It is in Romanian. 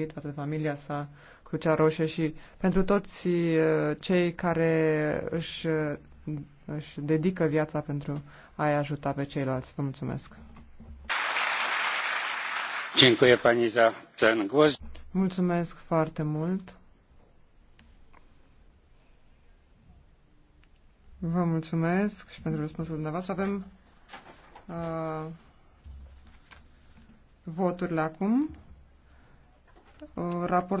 toată familia sa, Crucea Roșie și pentru toți uh, cei care își, uh, își dedică viața pentru a-i ajuta pe ceilalți. Vă mulțumesc! Mulțumesc foarte mult! Vă mulțumesc și pentru răspunsul dumneavoastră. Avem uh, voturile acum. Raportul